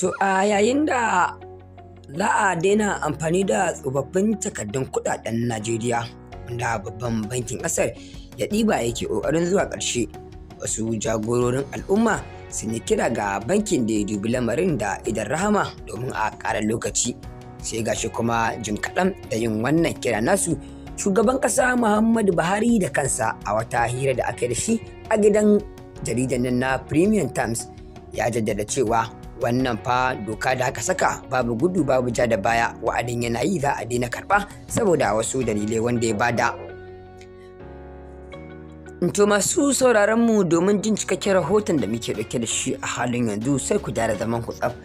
To a yayin da za a daina amfani da tsofaffin takardun kuɗaɗen Najeriya wanda babban bankin ƙasar ya ɗiba yake ƙoƙarin zuwa ƙarshe wasu jagororin al'umma sun yi kira ga bankin da ya dubi lamarin da idan rahama domin a ƙara lokaci sai gashi kuma jin kaɗan da yin wannan kira nasu shugaban ƙasa muhammadu buhari da kansa a wata hira da aka da shi a gidan jaridan na premium times ya jaddada cewa wannan fa doka da aka saka babu gudu babu ja da baya wa'adin yana yi za a daina karba saboda wasu dalilai wanda ya bada to masu sauraron mu domin jin cikakken rahoton da muke ɗauke da shi a halin yanzu sai ku gyara zaman ku tsaf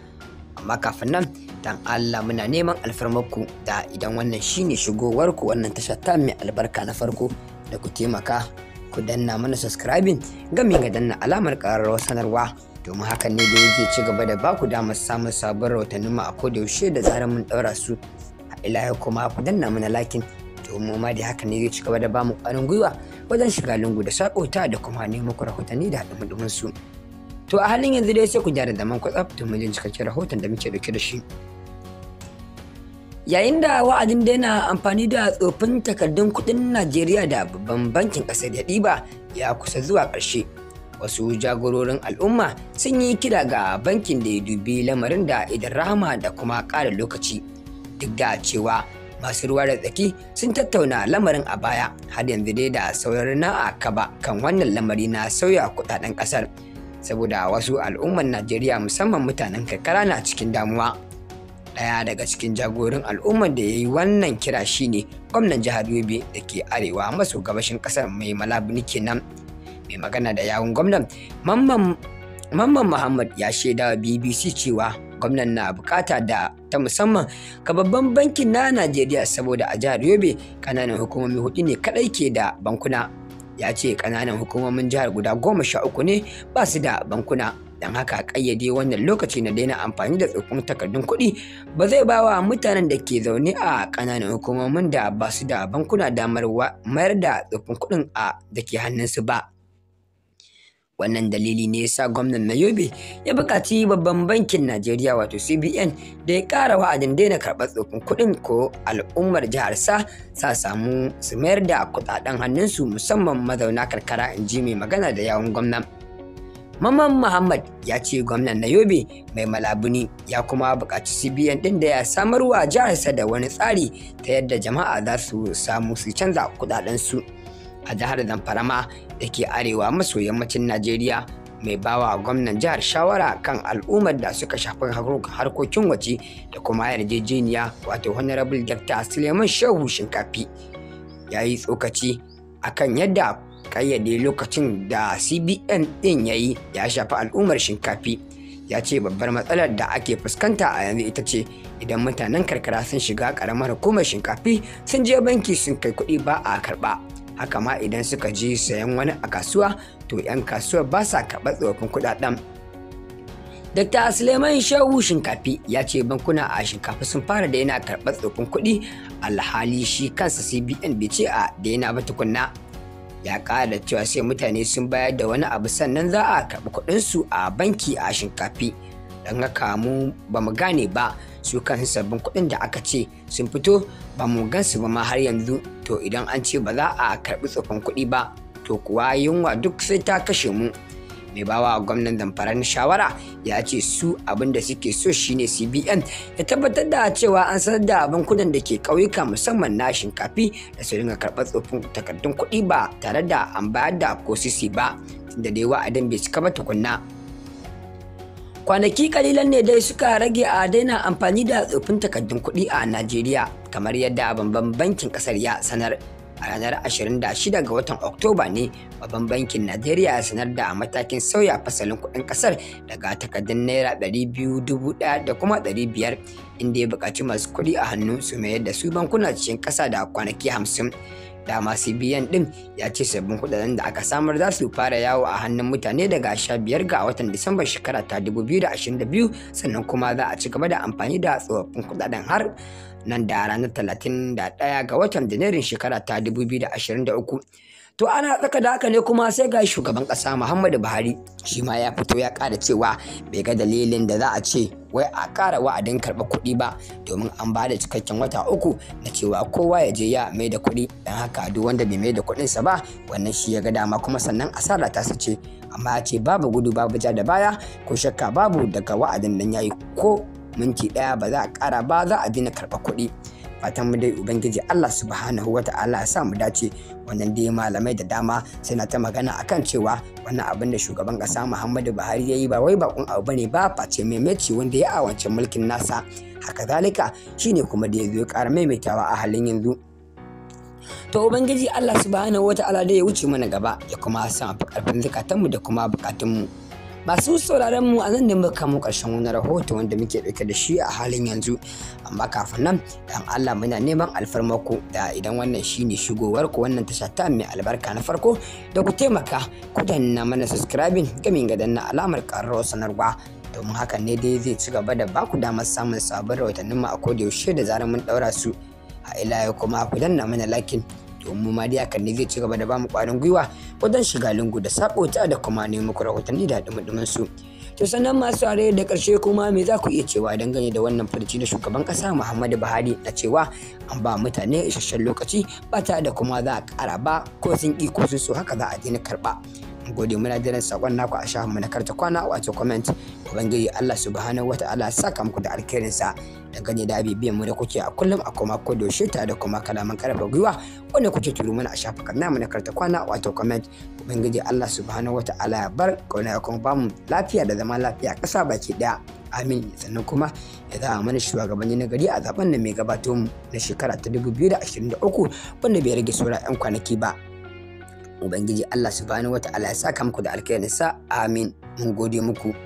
amma kafin nan dan Allah muna neman alfarmarku da idan wannan shine shigowar ku wannan tasha ta mai albarka na farko da ku taimaka ku danna mana subscribing game ga danna alamar ƙararrawar sanarwa domin hakan ne da yake ci gaba da ba ku damar samun sabon rahotannin mu a yaushe da zarar mun daura su a ilahi kuma ku danna mana lakin domin ma da hakan ne zai ci gaba da bamu ƙarin gwiwa wajen shiga lungu da sakota da kuma nemo ku rahotanni da haɗin su. To a halin yanzu dai sai ku gyara zaman kwatsaf domin jin cikakken rahoton da muke dauke da shi. Yayin da wa'adin daina amfani da tsofin takardun kudin Najeriya da babban bankin ƙasar ya ɗiba ya kusa zuwa ƙarshe. wasu jagororin al'umma sun yi kira ga bankin da ya dubi lamarin da idan rahama da kuma ƙara lokaci duk da cewa masu ruwa da tsaki sun tattauna lamarin a baya har yanzu dai da sauran na a kaba kan wannan lamari na sauya kuɗaɗen ƙasar. saboda wasu al'umman najeriya musamman mutanen karkara na cikin damuwa ɗaya daga cikin jagorin al'ummar da ya yi wannan kira shine gwamnan jihar yobe da ke arewa maso gabashin ƙasar mai malabuni kenan mai magana da yawun gwamnan mamman Muhammad ya shaida wa BBC cewa gwamnan na bukata da ta musamman ga babban bankin na Najeriya saboda a jihar Yobe kananan hukumomi hudu ne kadai ke da bankuna. Ya ce kananan hukumomin jihar guda goma sha uku ne ba su da bankuna. Don haka kayyade wannan lokaci na daina amfani da tsofin takardun kuɗi ba zai ba wa mutanen da ke zaune a kananan hukumomin da ba su da bankuna damar mayar da tsofin kuɗin a da ke hannunsu ba. wannan dalili ne ya sa gwamnan na yobe ya bukaci babban bankin najeriya wato cbn da ya ƙara wa'adin daina karɓar tsofin kuɗin ko al'ummar jihar sa sa samu su mayar da kuɗaɗen hannunsu musamman mazauna karkara in ji mai magana da yawun gwamnan Maman Muhammad ya ce gwamnan na Yobe mai malabuni ya kuma bukaci CBN ɗin da ya samarwa jihar sa da wani tsari ta yadda jama'a za su samu su canza kuɗaɗensu. su. a jihar zamfarama da ke arewa maso yammacin Najeriya mai bawa gwamnan jihar shawara kan al'ummar da suka shafi harkokin waje da kuma yarjejeniya wato honorable dr suleiman shehu shinkafi ya yi tsokaci akan yadda kayyade lokacin da cbn din ya yi ya shafi al'ummar shinkafi ya ce babbar matsalar da ake fuskanta a yanzu ita ce idan mutanen karkara sun shiga karamar hukumar shinkafi sun je banki sun kai kuɗi ba a karɓa haka ma idan suka je sayan wani a kasuwa to 'yan kasuwa ba sa karɓar tsofin kuɗaɗen Dr. Suleiman Shehu Shinkafi ya ce bankuna a shinkafi sun fara da yana karɓar tsofin kuɗi alhali shi kansa CBN bai ce a da yana ba tukunna. Ya ƙara da cewa sai mutane sun bayar da wani abu sannan za a karɓi kuɗinsu a banki a shinkafi. Don haka mu ba mu gane ba su kan sabbin kuɗin da aka ce sun fito ba mu gansu ba ma har yanzu. to idan an ce ba za a karɓi tsofan kuɗi ba to kuwa yunwa duk sai ta kashe mu mai bawa gwamnan zamfara na shawara ya ce su abin da suke so shine cbn ya tabbatar da cewa an sanar da bankunan da ke ƙauyuka musamman na shinkafi da su dinga karɓar tsofin takardun kuɗi ba tare da an bayar da ko sisi ba tunda dai wa'adin bai cika ba tukunna kwanaki kalilan ne dai suka rage a daina amfani da tsofin takardun kuɗi a najeriya kamar yadda babban bankin ƙasar ya sanar a ranar 26 ga watan oktoba ne babban bankin najeriya ya sanar da matakin sauya fasalin kuɗin ƙasar daga takardun naira 200,000 da kuma 500 inda ya buƙaci masu kuɗi a hannu su mayar da su bankuna cikin ƙasa da kwanaki 50 da masu biyan din ya ce sabbin kudaden da aka samar za su fara yawo a hannun mutane daga sha biyar ga watan disambar shekara ta 2022 sannan kuma za a ci gaba da amfani da tsofaffin kudaden har nan da ranar 31 ga watan janairun shekara ta 2023 to ana tsaka da haka ne kuma sai ga shugaban ƙasa muhammadu buhari shi ma ya fito ya kara cewa bai ga dalilin da za a ce wai a kara wa'adin karɓa kuɗi ba domin an ba da cikakken wata uku na cewa kowa ya je ya mai da kuɗi don haka duk wanda bai mai da kuɗinsa ba wannan shi ya ga dama kuma sannan asara ta ce amma ya ce babu gudu babu ja da baya ko shakka babu daga wa'adin nan yayi ko minti ɗaya ba za a kara ba za a daina karɓa kuɗi fatan mu dai ubangiji Allah subhanahu wa ta'ala ya sa mu dace wannan dai malamai da dama suna ta magana akan cewa wannan abin da shugaban kasa Muhammadu Buhari ya yi ba wai bakun abu bane ba face maimaici wanda ya awance mulkin nasa haka zalika shine kuma da ya zo ƙara maimaitawa a halin yanzu to ubangiji Allah subhanahu ta'ala da ya wuce mana gaba ya kuma sa san karfin mu da kuma bukatunmu masu sauraron mu a nan ne muka mu karshen wani rahoto wanda muke ɗauke da shi a halin yanzu amma kafin nan dan Allah muna neman alfarmako da idan wannan shine shigowar ku wannan tasha ta mai albarka na farko da ku taimaka ku danna mana subscribing gamin ga na alamar ƙararrawar sanarwa domin hakan ne dai zai ci gaba da baku damar samun sabon rahotannin mu a koda da zarar mun daura su a ila kuma ku danna mana lakin domin mu ma dai akan ne zai ci gaba da bamu kwarin gwiwa wajen shiga lungu da ta da kuma ne muku rahotanni da dumudumin su to sannan masu are da karshe kuma me za ku iya cewa dangane da wannan farci na shugaban kasa muhammadu buhari na cewa an ba mutane isasshen lokaci ba da kuma za a kara ba ko sun ƙi ko sun haka za a daina karba. gode muna jiran sakon naku a shafin mu na karta kwana wato comment ubangiji Allah subhanahu wataala saka muku da alkhairin sa da dangane da bibiyan mu da kuke a kullum a kuma ko da ta da kuma kalaman karfa gwiwa wanda kuke turo mana a shafukan namu na karta kwana wato comment ubangiji Allah subhanahu wataala ya bar kauna ya kuma bamu lafiya da zama lafiya kasa baki daya amin sannan kuma ya za mana shugabanni na gari a zaben nan mai gabato mu na shekara ta 2023 wanda bai rage saura 'yan kwanaki ba ubangiji Allah subhanahu ta'ala ya saka muku da alkhairinsa amin mun gode muku